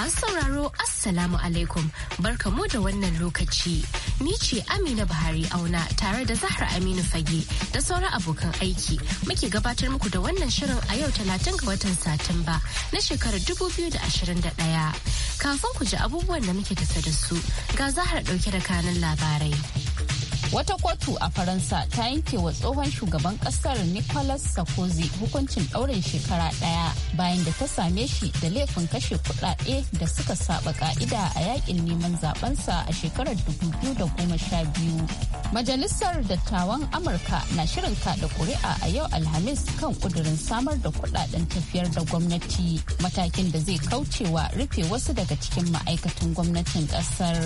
Masu sauraro Assalamu alaikum barkamu da wannan lokaci. Ni ce Amina Buhari auna tare da Zahra Aminu Fage da sauran abokan aiki muke gabatar muku da wannan shirin a yau talatin ga watan Satumba na shekarar 2021. Kafin ku ji abubuwan da muke tafe da su ga Zahra ɗauke da kanun labarai. wata kotu a faransa ta yanke wa tsohon shugaban kasar nicolas sarkozy hukuncin ɗaurin shekara ɗaya bayan da ta same shi da laifin kashe kuɗaɗe da suka saba ka'ida a yakin neman zabensa a shekarar 2012 majalisar dattawan amurka na shirin kaɗa ƙuri'a a yau alhamis kan ƙudurin samar da kuɗaɗen tafiyar da gwamnati matakin da zai kaucewa rufe wasu daga cikin ma'aikatan gwamnatin ƙasar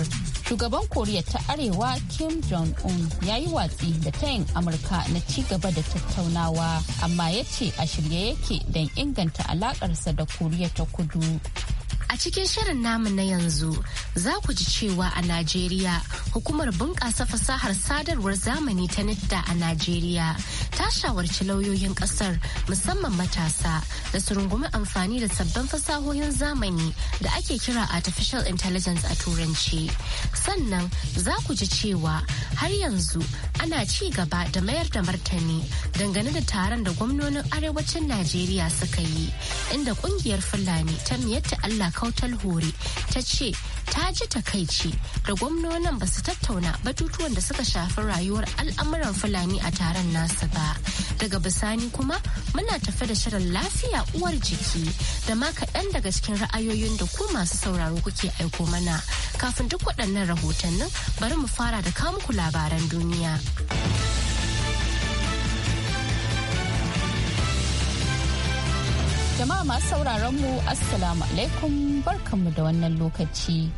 shugaban koriya ta arewa kim jong-un ya yi watsi da tayin amurka na ci gaba da tattaunawa amma ya ce a shirye yake don inganta alakarsa da koriya ta kudu A cikin shirin namu na yanzu za ku ji cewa a Najeriya hukumar bunƙasa fasahar sadarwar zamani ta nitta a Najeriya ta shawarci lauyoyin ƙasar musamman matasa da su rungumi amfani da sabbin fasahohin zamani da ake kira artificial intelligence a turanci. Sannan za ku ji cewa har yanzu ana ci gaba da mayar da martani dangane da taron da gwamnonin arewacin Najeriya suka yi inda kungiyar Fulani ta miyatta Allah ka. Kautal Hore ta ce ta ji takaici da gwamnonin ba su tattauna batutuwan da suka shafi rayuwar al'amuran Fulani a taron nasa ba. Daga bisani kuma muna tafe da shirin lafiya uwar jiki da ma kaɗan daga cikin ra'ayoyin da ku masu sauraro kuke aiko mana. Kafin duk waɗannan rahotannin bari mu fara da kamuku labaran duniya. Jama'a masu sauraron mu Assalamu alaikum barkanmu da wannan lokaci.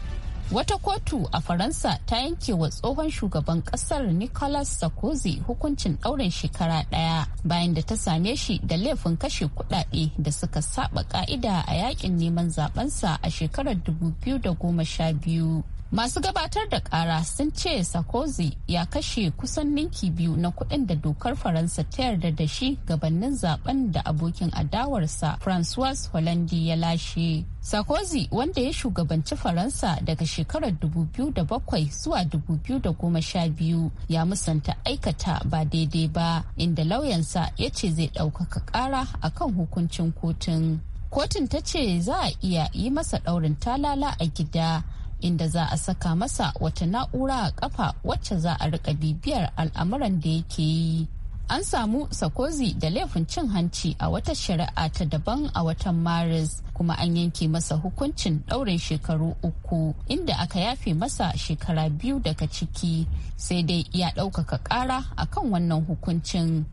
Wata kotu a Faransa ta yanke wa tsohon shugaban kasar Nicolas Sarkozy hukuncin ɗaurin shekara ɗaya bayan da ta same shi da laifin kashe kuɗaɗe da suka saba ka'ida a yakin neman zabensa a shekarar 2012. Masu gabatar da kara sun ce Sarkozy ya kashe kusan ninki biyu na kuɗin da dokar Faransa ta yarda da shi gabanin zaben da abokin adawarsa Francois Hollande ya lashe. Sarkozy wanda ya shugabanci Faransa daga shekarar 2007 zuwa 2012 ya musanta aikata ba daidai ba inda lauyansa ya ce zai ɗaukaka ƙara kan hukuncin kotun. Kotun ta ce za a iya yi masa ɗaurin talala a gida inda za a saka masa wata na'ura a kafa wacce za a rika bibiyar al'amuran da yake yi an samu sakozi da laifin cin hanci a wata shari'a ta daban a watan maris kuma an yanke masa hukuncin ɗaurin shekaru uku inda aka yafe masa shekara biyu daga ciki sai dai ya ɗaukaka ƙara akan wannan hukuncin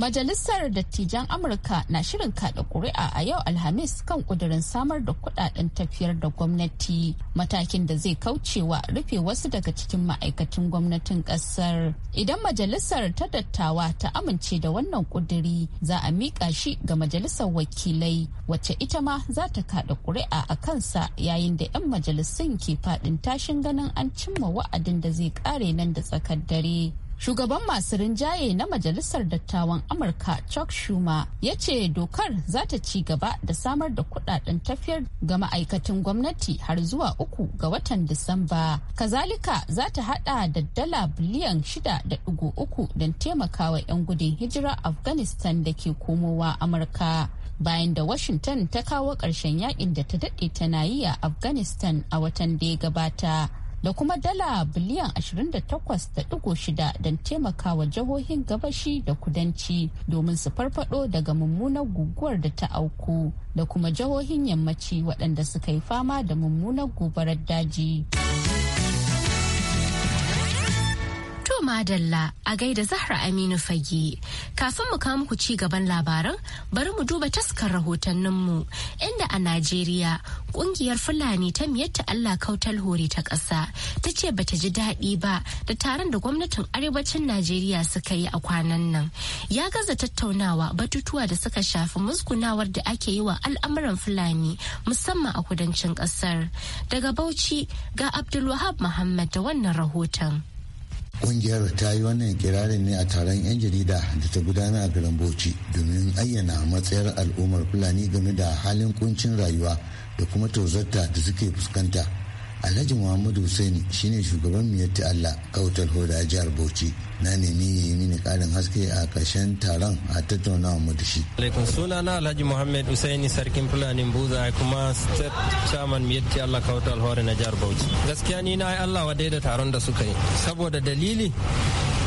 Majalisar Dattijan Amurka na shirin kaɗa ƙuri'a a yau Alhamis kan ƙudurin samar da kuɗaɗen tafiyar da gwamnati matakin da zai kaucewa rufe wasu daga cikin ma'aikatan gwamnatin ƙasar. Idan majalisar ta dattawa ta amince da wannan ƙuduri za a miƙa shi ga majalisar wakilai wacce ita ma za ta kaɗa ƙuri'a a kansa yayin da 'yan majalisun ke faɗin tashin ganin an cimma wa'adin da zai ƙare nan da tsakar dare. shugaban masu rinjaye na majalisar dattawan amurka chuck schumer ya ce dokar za ta ci gaba da samar da kudaden tafiyar ga ma'aikatan gwamnati har zuwa uku ga watan disamba kazalika za ta hada da dala biliyan shida da uku don taimakawa 'yan gudun hijira afghanistan da ke komowa amurka bayan da washington ta kawo ƙarshen yakin da ta daɗe tana yi a afghanistan a watan da ya gabata da kuma dala biliyan 28.6 don taimakawa jihohin gabashi da kudanci domin su farfado daga mummunar guguwar da ta auku da kuma jihohin yammaci waɗanda suka yi fama da mummunar gobarar daji. To madalla a gaida Zahra Aminu Fage. Kafin mu kawo muku ci gaban labaran bari mu duba taskar rahotanninmu inda a Najeriya kungiyar Fulani ta miyatta Allah kautal hore ta ƙasa ta ce bata ji daɗi ba da taron da gwamnatin arewacin Najeriya suka yi a kwanan nan. Ya gaza tattaunawa batutuwa da suka shafi musgunawar da ake yi wa al'amuran Fulani musamman a kudancin ƙasar. Daga Bauchi ga Abdulwahab Muhammad da wannan rahoton. Kungiyar ta yi wannan kirarin ne a taron 'yan jarida da ta gudana a garin Bauchi domin ayyana matsayar al'ummar Fulani game da halin kuncin rayuwa da kuma tozarta da suke fuskanta. alhaji muhammadu hussein shine shugaban miyatti allah kautar hoda a jihar bauchi na nemi yi mini karin haske a karshen taron a tattaunawa mu da shi alaikum suna na alhaji muhammad hussein sarkin fulani buza kuma state chairman miyatti allah kautar hoda na jihar bauchi gaskiya ni na yi allah wa da taron da suka yi saboda dalili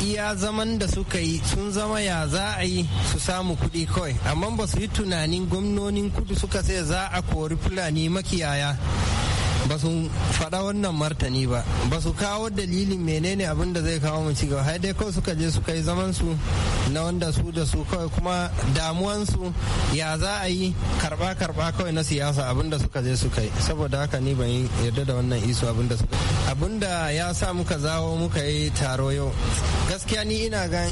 iya zaman da suka yi sun zama ya za a yi su samu kuɗi kawai amma ba su yi tunanin gwamnonin kudu suka sai za a kori fulani makiyaya ba su faɗa wannan martani ba ba su kawo dalilin menene abin da zai kawo mu ci gaba har dai kawai suka je suka yi zaman su na wanda su da su kawai kuma damuwansu ya za a yi karba karba kawai na siyasa abin da suka je suka yi saboda haka ni ban yarda da wannan isu abin da suka abin da ya sa muka zawo muka yi taro yau gaskiya ni ina gan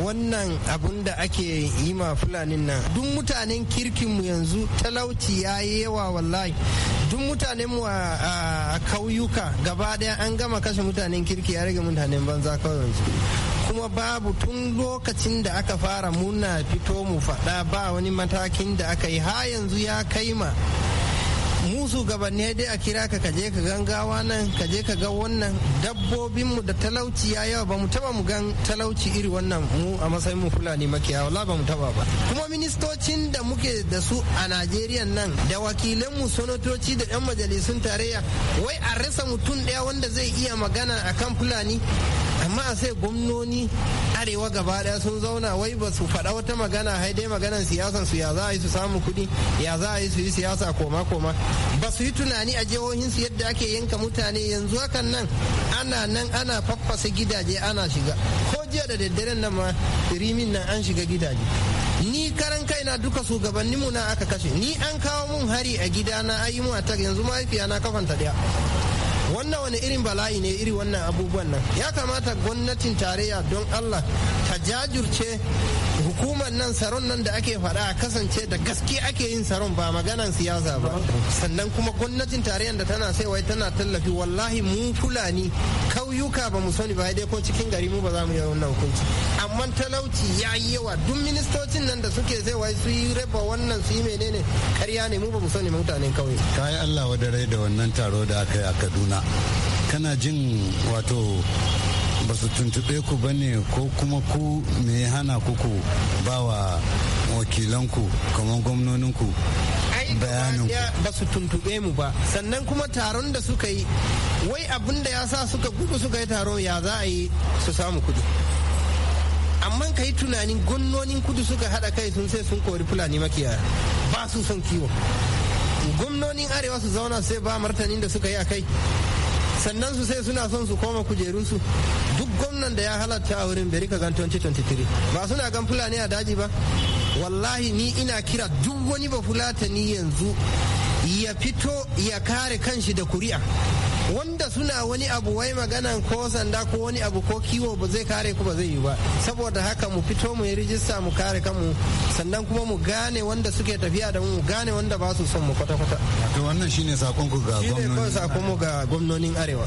wannan abun da ake yi ma fulanin nan duk mutanen kirkinmu yanzu talauci ya yi yawa wallahi duk mutanenmu a kauyuka gaba daya an gama kashe mutanen kirki ya rage mutanen banza kawai yanzu kuma babu tun lokacin da aka fara muna fito mu faɗa ba wani matakin da aka yi ha yanzu ya kai ma shugabanni dai a kira ka kaje ka gangawa nan kaje ka ga wannan dabbobinmu da talauci ya yawa ba mu taba mu gan talauci iri wannan mu a matsayin mu fulani makiya wala ba mu taba ba kuma ministocin da muke da su a Najeriya nan da wakilan mu sonotoci da yan majalisun tarayya wai a rasa mutum daya wanda zai iya magana akan fulani amma a sai gwamnoni arewa gaba daya sun zauna wai ba su faɗa wata magana hai dai maganan siyasan su ya za a yi su samu kuɗi ya za a yi su yi siyasa koma koma ba su yi tunani a jihohinsu yadda ake yanka mutane yanzu hakan nan ana nan ana faffasa gidaje ana shiga ko jiya da daddaren nan ma rimin nan an shiga gidaje ni karan kaina duka su mu na aka kashe ni an kawo mun hari a gida na ayi mu attack yanzu mahaifiya na kafanta daya wannan wani irin bala'i ne iri wannan abubuwan nan ya kamata gwamnatin tarayya don allah ta jajirce hukumar nan saron nan da ake faɗa kasance da gaske ake yin saron ba maganan siyasa ba sannan kuma gwamnatin tarayyar da tana sai wai tana tallafi wallahi mu fulani kauyuka ba mu sani ba dai ko cikin gari mu ba za mu yi wannan hukunci amma talauci ya yi yawa duk ministocin nan da suke sai wai su yi raba wannan su yi menene karya ne mu ba mu sani mutanen kauye kai Allah wadare da wannan taro da aka yi a Kaduna kana jin wato ba su tuntube ku ba ne ko kuma ku me hana kuku ba wa wakilanku kamar gwamnoninku bayanin ba su tuntube mu ba sannan kuma taron da suka yi wai abin da ya sa suka gudu suka yi taron ya za a yi su samu kudu amma ka yi tunanin gwamnonin kudu suka haɗa kai sun sai sun kori fulani makiyaya ba su son kiwo gwamnonin arewa su zauna sai ba martanin da suka yi a kai sannan su sai suna son su koma kujerun su duk gwamnan da ya halarta a wurin bari ka 2023 ba suna gan fulani a daji ba wallahi ni ina kira duk wani ba fulata ni yanzu ya fito ya kare kanshi da kuri'a wanda suna wani abu wai maganan ko sanda ko wani abu ko kiwo ba zai kare ku ba zai yi ba saboda haka mu fito mu yi rijista mu kare kanmu sannan kuma mu gane wanda suke tafiya da mu gane wanda ba su son mu kwata-kwata to wannan shine sakon ku ga gwamnoni shine sakon mu ga gwamnonin arewa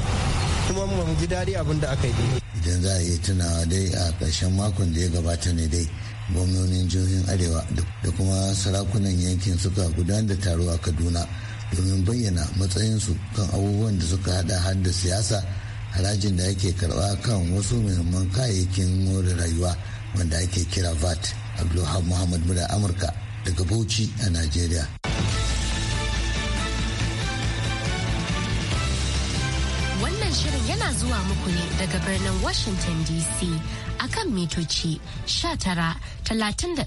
kuma mu ji daɗi abin da aka yi idan za a yi tunawa dai a ƙarshen makon da ya gabata ne dai gwamnonin jihohin arewa da kuma sarakunan yankin suka gudanar da taro a kaduna domin bayyana matsayinsu kan abubuwan da suka hada har da siyasa harajin da ake karba kan wasu muhimman kayayyakin more rayuwa wanda ake kira vat abdulhamid muhammad Muda amurka daga bauchi a najeriya shirin yana zuwa muku ne daga birnin Washington DC akan mitoci sha tara talatin da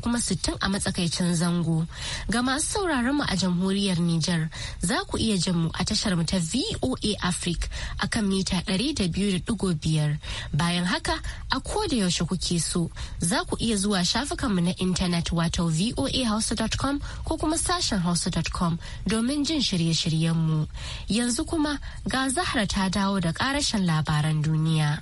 kuma 60 a matsakaicin zango. Ga masu sauraron mu a jamhuriyar Nijar za ku iya jin mu a tashar mu ta VOA Africa akan mita 200.5. Bayan haka a koda yaushe kuke so za ku iya zuwa shafukanmu na intanet wato voahouse.com ko kuma sashen hausa.com domin jin shirye shiryen mu Yanzu kuma ga Zahra ta dawo da karashin labaran duniya.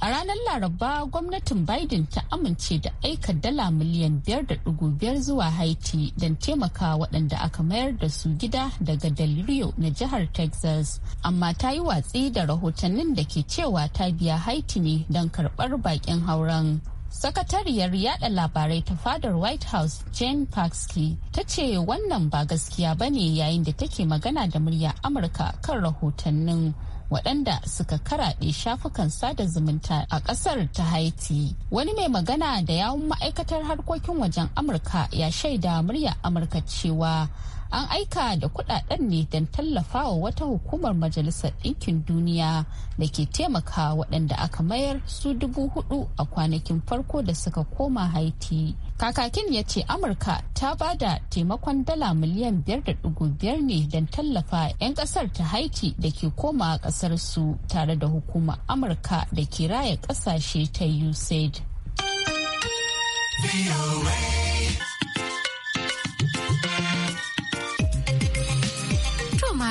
A ranar Laraba gwamnatin Biden ta amince da aika dala miliyan biyar da biyar zuwa Haiti don taimaka waɗanda aka mayar da su gida daga Del Rio na jihar Texas. Amma ta yi watsi da rahotannin da ke cewa ta biya Haiti ne don karɓar baƙin hauren. Sakatariyar yada labarai ta fadar White House Jane Paxki ta ce wannan ba gaskiya ba ne yayin da take magana da murya Amurka kan rahotannin waɗanda suka karaɗe shafukan sada zumunta a ƙasar ta Haiti. Wani mai magana da yawun ma'aikatar harkokin wajen Amurka ya shaida murya Amurka cewa an aika da kudaden ne don tallafawa wata hukumar majalisar ɗinkin duniya da ke taimaka waɗanda aka mayar su dubu hudu a kwanakin farko da suka koma haiti kakakin ya ce amurka ta ba da taimakon dala miliyan biyar da biyar ne don tallafa 'yan ƙasar ta haiti da ke koma ƙasar su tare da hukumar amurka da ke raya ƙasashe ta usaid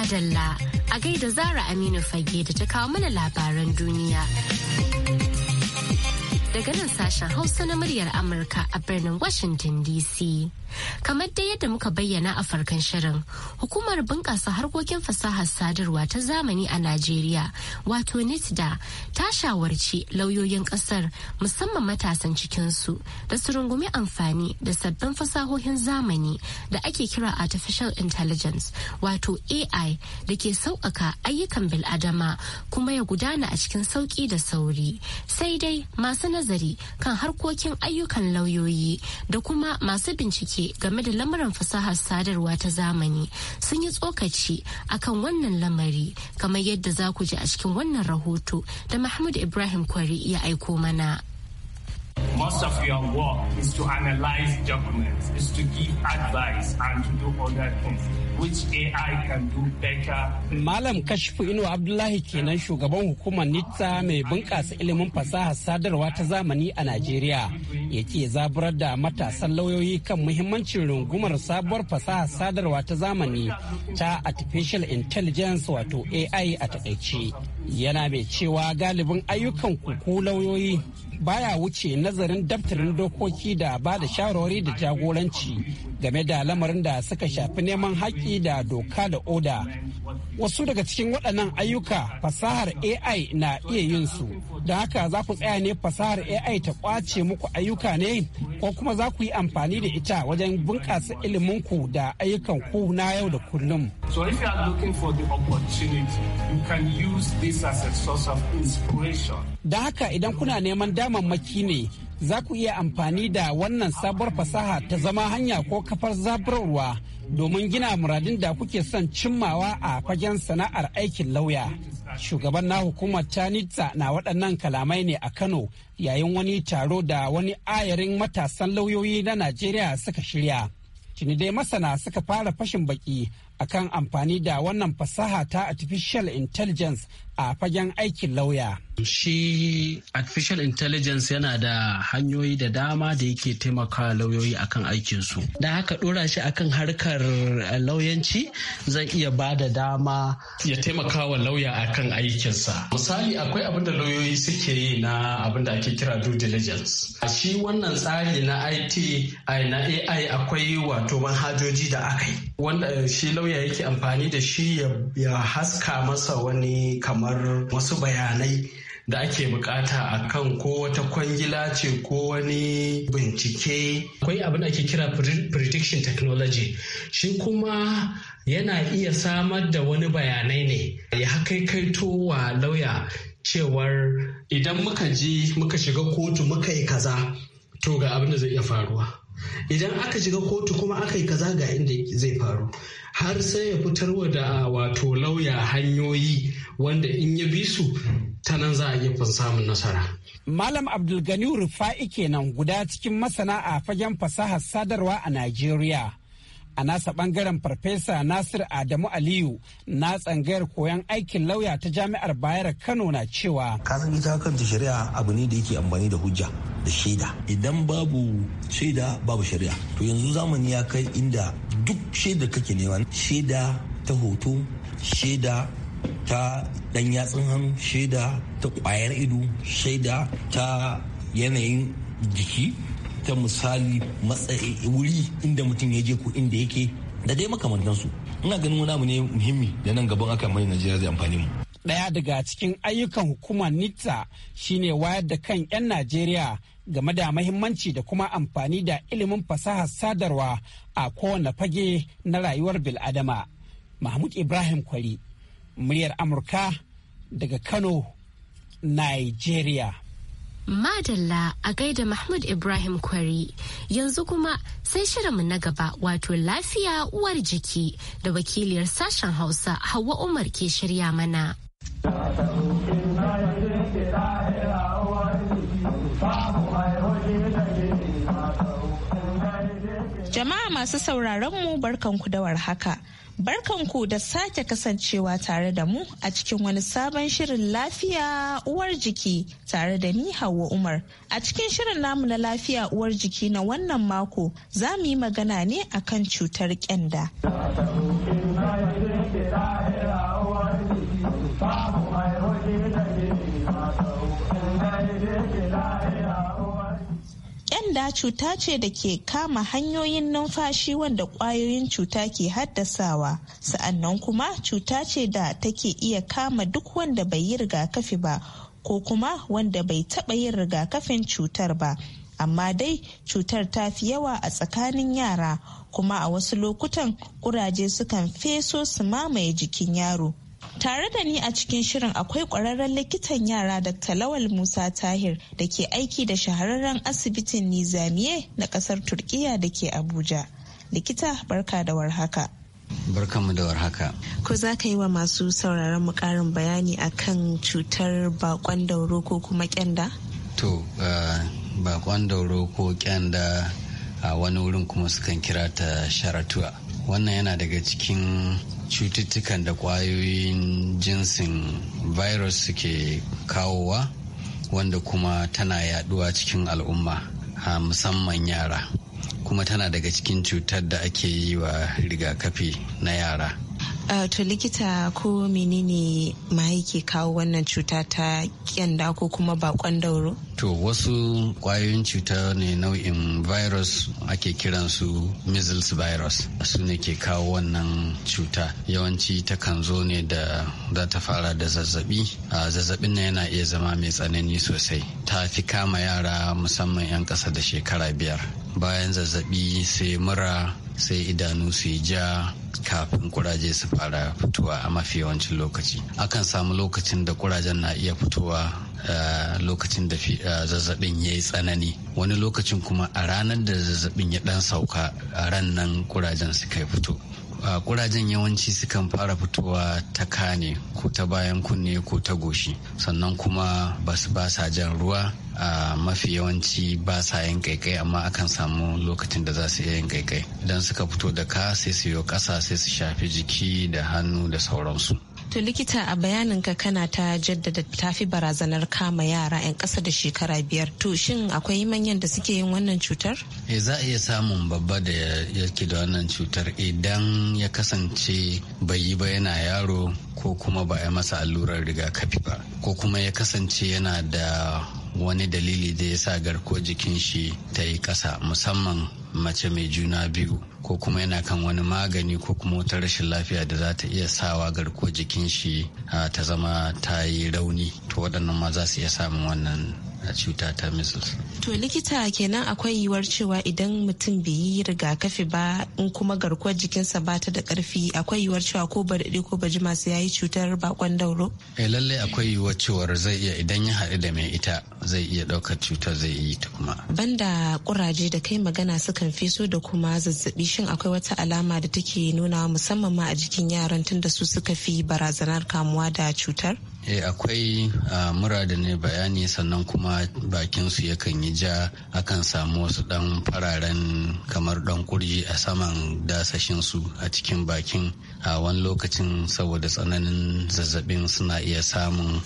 madalla a gaida Zara Aminu Fage da ta kawo mana labaran duniya. daga nan sashen Hausa na muryar Amurka a birnin Washington DC. Kamar dai yadda muka bayyana a farkon shirin, hukumar bunƙasa harkokin fasahar sadarwa ta zamani a Najeriya, wato NITDA, ta shawarci lauyoyin ƙasar musamman matasan cikinsu da su rungumi amfani da sabbin fasahohin zamani da ake kira Artificial Intelligence, wato AI, da ke sauƙaƙa ayyukan bil'adama kuma ya gudana a cikin sauƙi da sauri. Sai dai masu nazari kan harkokin ayyukan lauyoyi da kuma masu bincike game da lamarin fasahar sadarwa ta zamani sun yi tsokaci akan wannan lamari kamar yadda za ku ji a cikin wannan rahoto da Mahmud Ibrahim Kwari ya aiko mana. Most of your work is to analyze documents, is to give advice and to do other things. Malam Kashfu Inu Abdullahi kenan shugaban hukumar NITSA mai bunƙasa ilimin fasahar sadarwa ta zamani a Najeriya ya ke zaburar da matasan lauyoyi kan muhimmancin rungumar sabuwar fasahar sadarwa ta zamani ta Artificial Intelligence wato AI a taƙaice Yana mai cewa galibin ayyukan kuku lauyoyi baya wuce nazarin daftarin dokoki da ba da shawarwari da jagoranci game da lamarin da suka shafi neman haƙƙi da doka da oda wasu daga cikin waɗannan ayyuka fasahar ai na iya yin su da haka za ku tsaya ne fasahar ai ta ƙwace muku ayyuka ne ko kuma za ku yi amfani da ita wajen bunƙasa iliminku da ayyukan ku na yau da kullum so if you are looking for the opportunity you can use this as a source of inspiration da haka idan kuna neman damammaki ne za ku iya amfani da wannan sabuwar fasaha ta zama hanya ko kafar zaburarwa domin gina muradin da kuke son cimmawa a fagen sana'ar aikin lauya. Shugaban na hukumar Tanitsa na waɗannan kalamai ne a Kano yayin wani taro da wani ayarin matasan lauyoyi na Najeriya suka shirya. Tuni dai masana suka fara fashin baki akan amfani da wannan fasaha ta artificial intelligence a fagen aikin lauya. Shi artificial intelligence yana da hanyoyi da dama da yake taimaka lauyoyi akan aikinsu. Da haka ɗora shi akan harkar eh, lauyanci zai iya ba da dama ya taimaka wa lauya akan aikinsa. Misali akwai abin da lauyoyi suke yi na abin da ake kira due diligence. Shi wannan tsari na IT na AI akwai wato manhajoji da aka yi. Wanda eh, shi lauya ya yake amfani da shi ya haska masa wani kamar wasu bayanai da ake bukata a kan ko wata kwangila ce ko wani bincike. Akwai abin ake kira prediction technology. Shi kuma yana iya samar da wani bayanai ne ya kai wa lauya cewar idan muka je muka shiga kotu muka yi kaza to ga abin da zai iya faruwa. idan aka shiga kotu kuma aka yi kaza ga inda zai faru har sai ya fitar wa da wato lauya hanyoyi wanda in ya bi su ta nan za a iya samun nasara. Malam Abdulganiyu Rufa'i kenan guda cikin masana a fagen fasahar sadarwa a Najeriya. a nasa bangaren farfesa nasir adamu aliyu na tsangayar koyon aikin lauya ta jami'ar bayar kano na cewa kasan ita kanta shari'a abu ne da yake amfani da hujja da shaida idan babu shaida babu shari'a to yanzu zamani ya kai inda duk shaida kake nema shaida ta hoto shaida ta dan yatsun hannu shaida ta kwayar ido shaida ta yanayin jiki ta misali matsayi wuri inda mutum ya je ko inda yake da dai makamantansu ina ganin wani abu ne muhimmi da nan gaban aka mai najeriya zai amfani mu daya daga cikin ayyukan hukumar nita shine wayar da kan 'yan najeriya game da mahimmanci da kuma amfani da ilimin fasahar sadarwa a kowane fage na rayuwar biladama mahmud ibrahim kwari muryar amurka daga kano nigeria Madalla a gaida Mahmud Ibrahim Kwari yanzu kuma sai shirinmu na gaba wato lafiya uwar jiki da wakiliyar sashen Hausa Hauwa Umar ke shirya mana. Jama'a masu sauraron mu barkanku da warhaka. haka. Barkanku da sake kasancewa tare da mu a cikin wani sabon shirin lafiya uwar jiki tare da ni Hauwa Umar. A cikin shirin namu na lafiya uwar jiki na wannan mako za mu yi magana ne akan cutar kyanda. ƙyanda cuta ce da ke kama hanyoyin numfashi wanda ƙwayoyin cuta ke haddasawa sa'annan kuma cuta ce da take iya kama duk wanda bai yi rigakafi ba ko kuma wanda bai taɓa yin rigakafin cutar ba amma dai cutar ta fi yawa a tsakanin yara kuma a wasu lokutan kuraje sukan feso su mamaye jikin yaro Tare da ni a cikin shirin akwai ƙwararren likitan yara Dr. Lawal Musa Tahir da ke aiki da shahararren asibitin Nizamiye na ƙasar turkiyya da ke Abuja. Likita barka da warhaka. Barkanmu da warhaka. Ko za ka yi wa masu sauraron mu ƙarin bayani akan cutar bakon dauro ko kuma kyanda? To, uh, eh, bakon dauro ko kyanda a wani wurin kuma sukan kira ta sharatuwa. Wannan yana daga cikin cututtukan da kwayoyin jinsin virus suke kawowa wanda kuma tana yaduwa cikin al'umma a musamman yara kuma tana daga cikin cutar da ake yi wa rigakafi na yara Uh, to likita ko menene ma yake kawo wannan cuta ta kyanda ko kuma bakon dauro? To wasu kwayoyin cuta ne nau'in virus ake kiransu measles virus su ne ke kawo wannan cuta yawanci takan zo ne da za ta fara da zazzabi uh, zazzabin na yana iya zama mai tsanani sosai ta fi kama yara musamman 'yan ƙasa da shekara biyar bayan zazzabi sai mura sai idanu su ja kafin kuraje su fara fitowa a mafi yawancin lokaci akan samu lokacin da kurajen na iya fitowa eh, lokacin da eh, zazzabin ya yi tsanani wani lokacin kuma a ranar da zazzabin ya dan sauka a ran nan kurajen suka fito kurajen yawanci sukan fara fitowa ta kane ko ta bayan kunne ko ta goshi sannan kuma ba su ba sa jan ruwa a mafi yawanci ba sa yin kaikai amma akan samu lokacin da za su iya yin kaikai idan suka fito da ka sai su yi ƙasa sai su shafi jiki da hannu da sauransu To likita a bayanin ka kana ta jaddada tafi barazanar kama yara 'yan ƙasa da shekara biyar. To shin akwai manyan da suke yin wannan cutar? E za a iya samun babba da yake da wannan cutar idan ya kasance bai yi ba yana yaro ko kuma ba a masa allurar rigakafi ba ko kuma ya kasance yana da wani dalili da ya sa garkuwar jikin shi ta yi ƙasa musamman mace mai juna biyu ko kuma yana kan wani magani ko kuma wata rashin lafiya da za ta iya sawa garko jikin shi ta zama ta yi rauni to waɗannan ma za su iya samun wannan cuta ta measles. To likita kenan akwai yiwuwar cewa idan mutum bai yi rigakafi ba in kuma garkuwar jikinsa ba ta da karfi akwai yiwuwar cewa ko ba daɗe ko ba masu ya yi cutar bakon dauro. Eh lallai akwai yiwuwar cewar zai iya idan ya haɗu da mai ita zai iya ɗaukar cutar zai yi ta kuma. Banda kuraje da kai magana sukan fi so da kuma zazzabi shin akwai wata alama da take nuna musamman ma a jikin yaran tunda su suka fi barazanar kamuwa da cutar? e akwai mura da ne bayani sannan kuma bakinsu yakan yi ja akan samu wasu dan fararen kamar dan kurji a saman dasashinsu a cikin bakin a wani lokacin saboda tsananin zazzabin suna iya samun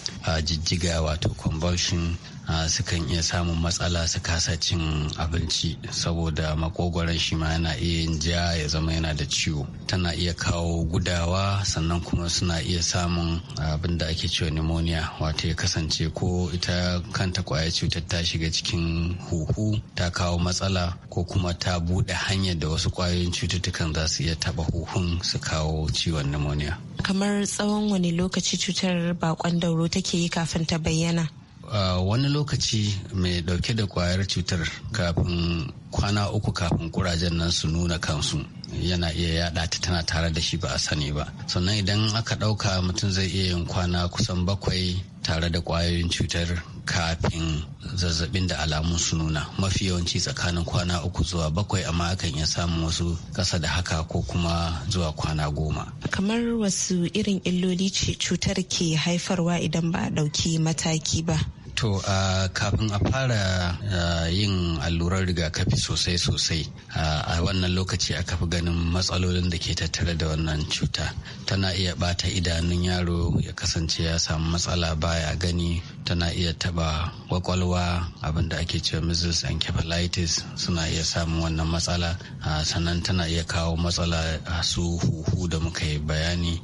jijjiga wato convulsion sukan iya samun matsala su kasa cin abinci saboda makogwaron shi ma yana iya yin ja ya zama yana da ciwo tana iya kawo gudawa sannan kuma suna iya samun abin da ake cewa pneumonia wata ya kasance ko ita kanta kwaya cutar ta shiga cikin huhu ta kawo matsala ko kuma ta buɗe hanyar da wasu kwayoyin cututtukan za su iya taɓa huhun su kawo ciwon pneumonia kamar tsawon wani lokaci cutar bakon dauro take yi kafin ta bayyana Ah, wani lokaci mai dauke da kwayar cutar kafin kwana uku kafin kurajen nan su nuna kansu yana iya yada ta tana tare da shi ba a sani ba sannan idan aka ɗauka mutum zai iya yin kwana kusan bakwai tare da kwayoyin cutar kafin zazzabin da alamun su nuna mafi yawanci tsakanin kwana uku zuwa bakwai amma akan iya samun wasu kasa da haka ko kuma zuwa kwana goma kamar wasu irin illoli cutar ke haifarwa idan ba a ɗauki mataki ba To kafin a fara yin allurar rigakafi sosai-sosai a wannan lokaci aka fi ganin matsalolin da ke tattare da wannan cuta. Tana iya bata idanun yaro ya kasance ya samu matsala baya gani tana iya taba kwakwalwa abinda ake cewa measles encephalitis suna iya samun wannan matsala sannan tana iya kawo matsala su huhu da muka yi bayani.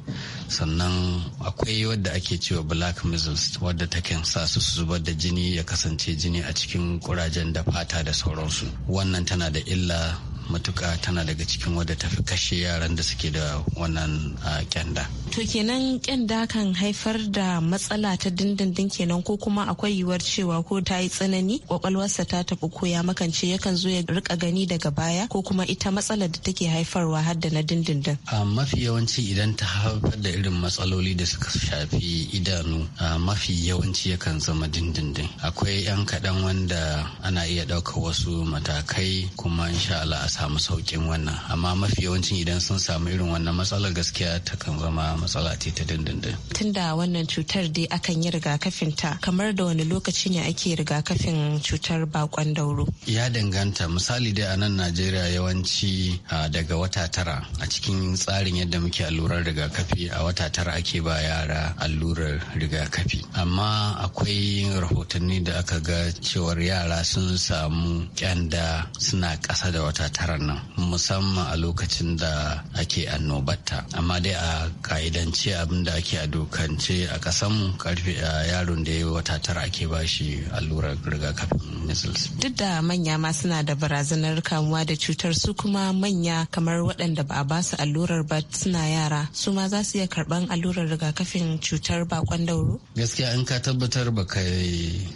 sannan akwai wadda ake cewa black measles wadda kan sa su su zubar da jini ya kasance jini a cikin kurajen da fata da sauransu wannan tana da illa matuka tana daga cikin wadda ta fi kashe yaran da suke da wannan kyanda. Ah, to kenan kyanda kan haifar da matsala ta dindindin kenan ko kuma akwai yiwuwar cewa ko ta yi tsanani kwakwalwarsa ta tafi ko ya makance yakan zo ya rika gani daga baya ko kuma ita matsala da take haifarwa har da na dindindin. mafi yawanci idan ta haifar da irin matsaloli da suka shafi idanu a mafi yawanci yakan zama dindindin akwai 'yan kaɗan wanda ana iya ɗaukar wasu matakai kuma insha Allah a samu saukin wannan amma mafi yawancin idan sun samu irin wannan matsalar gaskiya ta zama matsala ce ta dindindin tunda wannan cutar dai akan yi rigakafin ta kamar da wani lokaci ne ake rigakafin cutar bakon dauro ya danganta misali dai a nan najeriya yawanci daga wata tara a cikin tsarin yadda muke allurar rigakafi a wata tara ake ba yara allurar rigakafi amma akwai rahotanni da aka ga cewar yara sun samu kyanda suna ƙasa da wata tara shekarar nan musamman a lokacin da ake annobata amma dai a ka'idance abin da ake a dokance a kasanmu karfe a yaron da ya wata tara ake ba shi allurar rigakafin measles duk da manya ma suna da barazanar kamuwa da cutar su kuma manya kamar waɗanda ba a ba su allurar ba suna yara su ma za su iya karɓan allurar rigakafin cutar bakon dauro gaskiya in ka tabbatar ba ka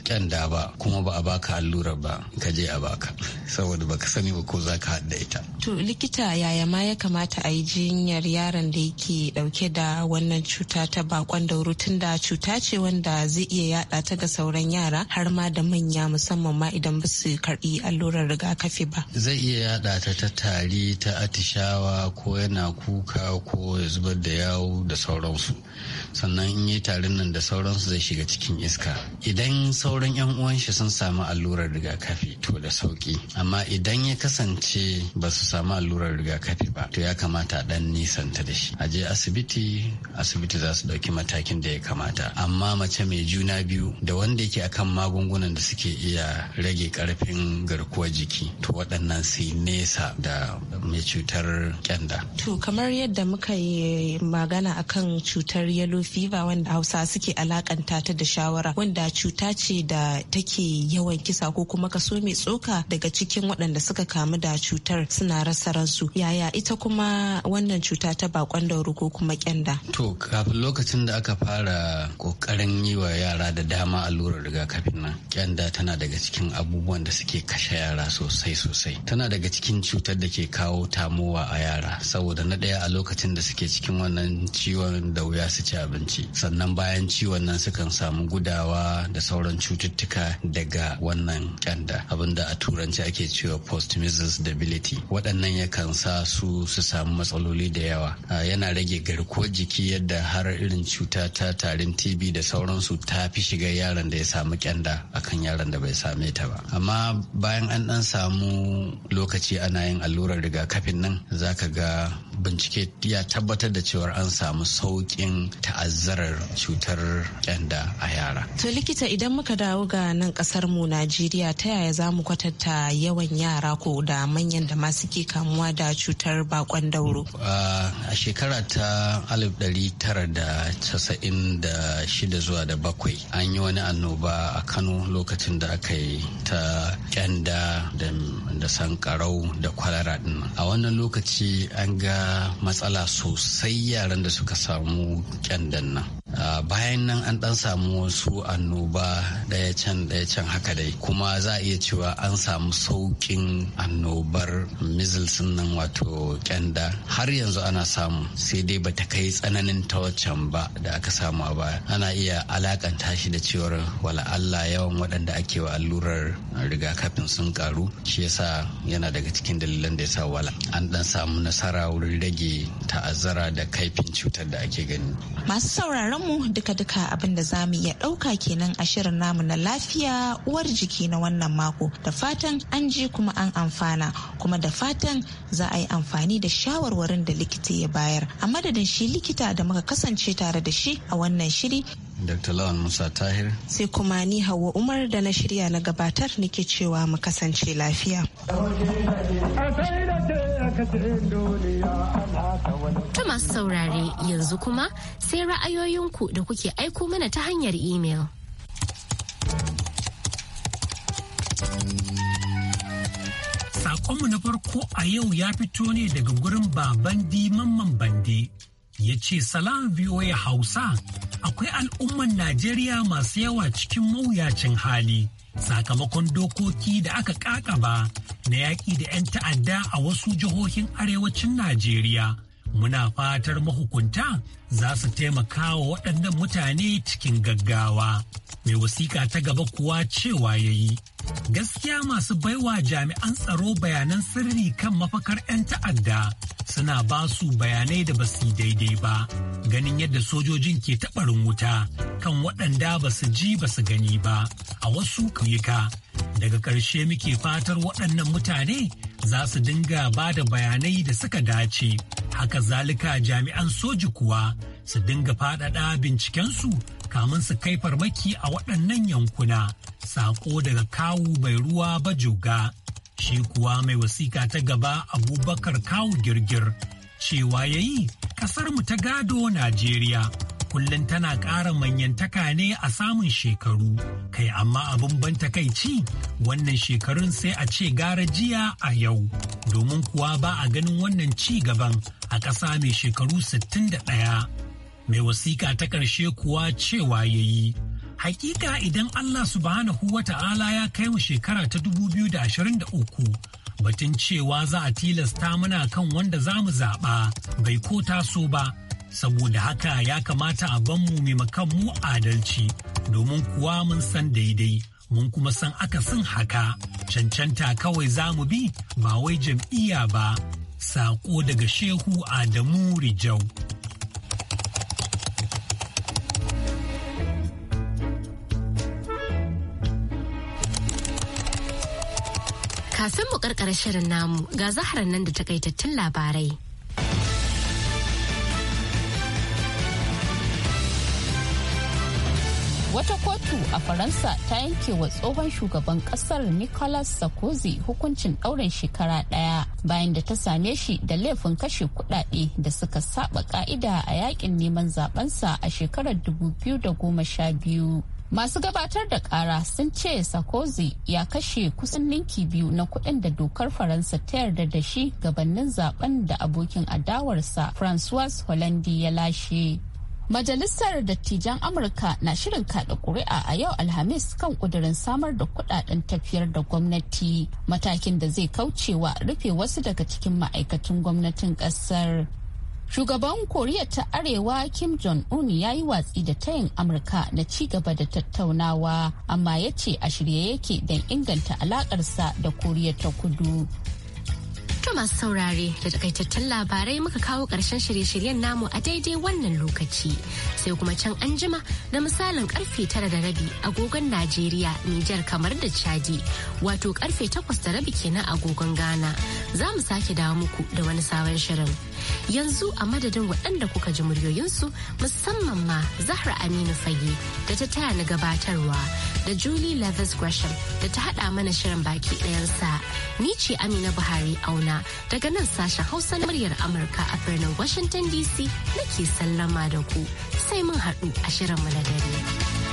kyanda ba kuma ba a baka allurar ba ka je a baka saboda baka sani ba ko za ka da ita. To likita yaya ma ya kamata a yi jinyar yaron da yake dauke da wannan cuta ta bakon dauro tun da cuta ce wanda zai iya yada ta ga sauran yara har ma da manya musamman ma idan ba su karbi allurar rigakafi ba. Zai iya yada ta ta tari ta atishawa ko yana kuka ko ya zubar da yawu da sauransu. Sannan in yi tarin nan da sauransu zai shiga cikin iska. Idan sauran 'yan uwan shi sun samu allurar rigakafi to da sauki. Amma idan ya kasance ba su samu allurar rigakafi ba to ya kamata a dan nisanta da shi a je asibiti asibiti za su dauki matakin da ya kamata amma mace mai juna biyu da wanda yake akan magungunan da suke iya rage karfin garkuwar jiki to waɗannan sai nesa da mai cutar kyanda to kamar yadda muka yi magana akan cutar yellow fever wanda hausa suke alakanta ta da shawara wanda cuta ce da take yawan kisa ko kuma kaso mai tsoka daga cikin waɗanda suka kamu da cuta. cutar suna rasa ransu yaya ita kuma wannan cuta ta bakon dauro ko kuma kyanda to kafin lokacin da aka fara kokarin yi wa yara da dama allurar rigakafin nan kyanda tana daga cikin abubuwan da suke kashe yara sosai sosai tana daga cikin cutar da ke kawo tamowa a yara saboda na ɗaya a lokacin da suke cikin wannan ciwon da wuya su ci abinci sannan bayan ciwon nan sukan samu gudawa da sauran cututtuka daga wannan kyanda abinda a turanci ake cewa post measles da disability waɗannan yakan sa su su samu matsaloli da yawa ah, yana rage garkuwar jiki yadda har irin cuta ta tarin tb da sauransu ta fi shiga yaron da ya samu kyanda akan yaron da bai same ta ba amma bayan an ɗan samu lokaci ana yin allurar rigakafin nan za ka ga bincike ya tabbatar da cewar an samu sauƙin ta'azzarar cutar kyanda a yara. To likita idan muka dawo ga nan kasar mu Najeriya ta yaya za mu kwatanta yawan yara ko da manyan da masu ke kamuwa da cutar bakon dauro? A shekara ta alif tara da da casa'in shida zuwa da bakwai an yi wani annoba a Kano lokacin da aka yi ta kyanda da sankarau da kwalara A wannan lokaci an ga matsala sosai yaran da suka samu kyandan nan bayan nan an dan samu wasu annoba daya can daya can haka dai kuma za a iya cewa an samu saukin annobar measles nan wato kyanda har yanzu ana samu sai dai ba ta kai tsananin ta waccan ba da aka samu a baya ana iya alakanta shi da cewar wala Allah yawan waɗanda ake wa allurar rigakafin sun karu shi yasa yana daga cikin dalilan da ya sa wala an dan samu nasara wurin rage ta'azzara da kaifin cutar da ake gani. Masu sauraron mu duka-duka abin da za mu iya ɗauka kenan a shirin namu na lafiya uwar jiki na wannan mako da fatan an ji kuma an amfana kuma da fatan za a yi amfani da shawarwarin da likita ya bayar a madadin shi likita da muka kasance tare da shi a wannan shiri Dr. Lawan Musa Tahir. Sai kuma ni Hauwa Umar da na shirya na gabatar nake cewa mu kasance lafiya. Ta masu saurare yanzu kuma sai ra'ayoyinku da kuke aiko mana ta hanyar imel. Sakonmu na farko a yau ya fito ne daga gurin baban mamman bande ya ce salam voa hausa akwai al'umman Najeriya masu yawa cikin mawuyacin hali sakamakon dokoki da aka ƙaƙaba na yaƙi da 'yan ta'adda a wasu jihohin arewacin Najeriya. Muna fatar mahukunta za su taimaka wa waɗannan mutane cikin gaggawa. Mai wasiƙa ta gaba kuwa cewa ya yi, Gaskiya masu baiwa jami'an tsaro bayanan sirri kan mafakar 'yan ta'adda suna ba su bayanai da ba su daidai ba, ganin yadda sojojin ke taɓarin wuta kan waɗanda ba su ji ba su gani ba a wasu ƙauyuka. Daga ƙarshe muke fatar waɗannan mutane za su dinga ba da bayanai da suka dace. Haka zalika jami'an soji kuwa su dinga faɗaɗa bincikensu kamun su kai farmaki a waɗannan yankuna saƙo daga kawu bai ruwa ba joga shi kuwa mai wasiƙa ta gaba abubakar kawu girgir cewa ya yi mu ta gado najeriya kullum tana ƙara manyantaka ne a samun shekaru kai amma abin ban takaici wannan shekarun sai a ce gara jiya a yau domin kuwa ba a ganin wannan ci gaban a ƙasa mai shekaru 61 mai wasiƙa ta ƙarshe kuwa cewa ya yi hakika idan allah subhanahu wa ta'ala ya kai mu shekara ta dubu biyu da da ashirin uku, batun cewa za a tilasta mana kan wanda za mu zaɓa bai ko taso ba saboda haka ya kamata a mu maimakon mu adalci domin kuwa mun san daidai mun kuma san aka akasin haka cancanta kawai za mu bi ba wai jam'iyya ba saƙo daga shehu adamu rijau Kafin mu karkara shirin namu ga zaharar nan da takaitattun labarai. Wata kotu a Faransa ta yanke wa tsohon shugaban kasar Nicolas Sarkozy hukuncin ɗaurin shekara ɗaya bayan da ta same shi da laifin kashe kuɗaɗe da suka saba ka'ida a yakin neman zabensa a shekarar 2012. masu gabatar da kara sun ce sarkozy ya kashe kusan ninki biyu na kuɗin da dokar faransa ta yarda da shi gabanin zaben da abokin adawarsa francois hollande ya lashe Majalisar Dattijan Amurka na shirin kaɗa ƙuri'a a yau Alhamis kan ƙudurin samar da kuɗaɗen tafiyar da gwamnati matakin da zai kaucewa rufe wasu daga cikin ma'aikatan gwamnatin ƙasar. Shugaban Koriya ta Arewa Kim Jong-un ya yi watsi da tayin Amurka na ci gaba da tattaunawa, amma ya ce a shirye yake don inganta alakarsa da Koriya ta Kudu. To masu saurare da takaitattun labarai muka kawo ƙarshen shirye-shiryen namu a daidai wannan lokaci. Sai kuma can anjima jima da misalin karfe tara da rabi agogon Najeriya, Nijar kamar da Chadi, wato karfe takwas da rabi kenan agogon Ghana. Za mu sake dawo muku da wani sabon shirin. yanzu a madadin waɗanda kuka ji muryoyinsu musamman ma zahra aminu fage da ta taya ni gabatarwa da julie levis gresham da ta haɗa mana shirin baki ɗayansa ni ce amina buhari auna daga nan sashen hausa na muryar amurka a birnin washington dc nake sallama da ku sai mun haɗu a shirin mu na dare.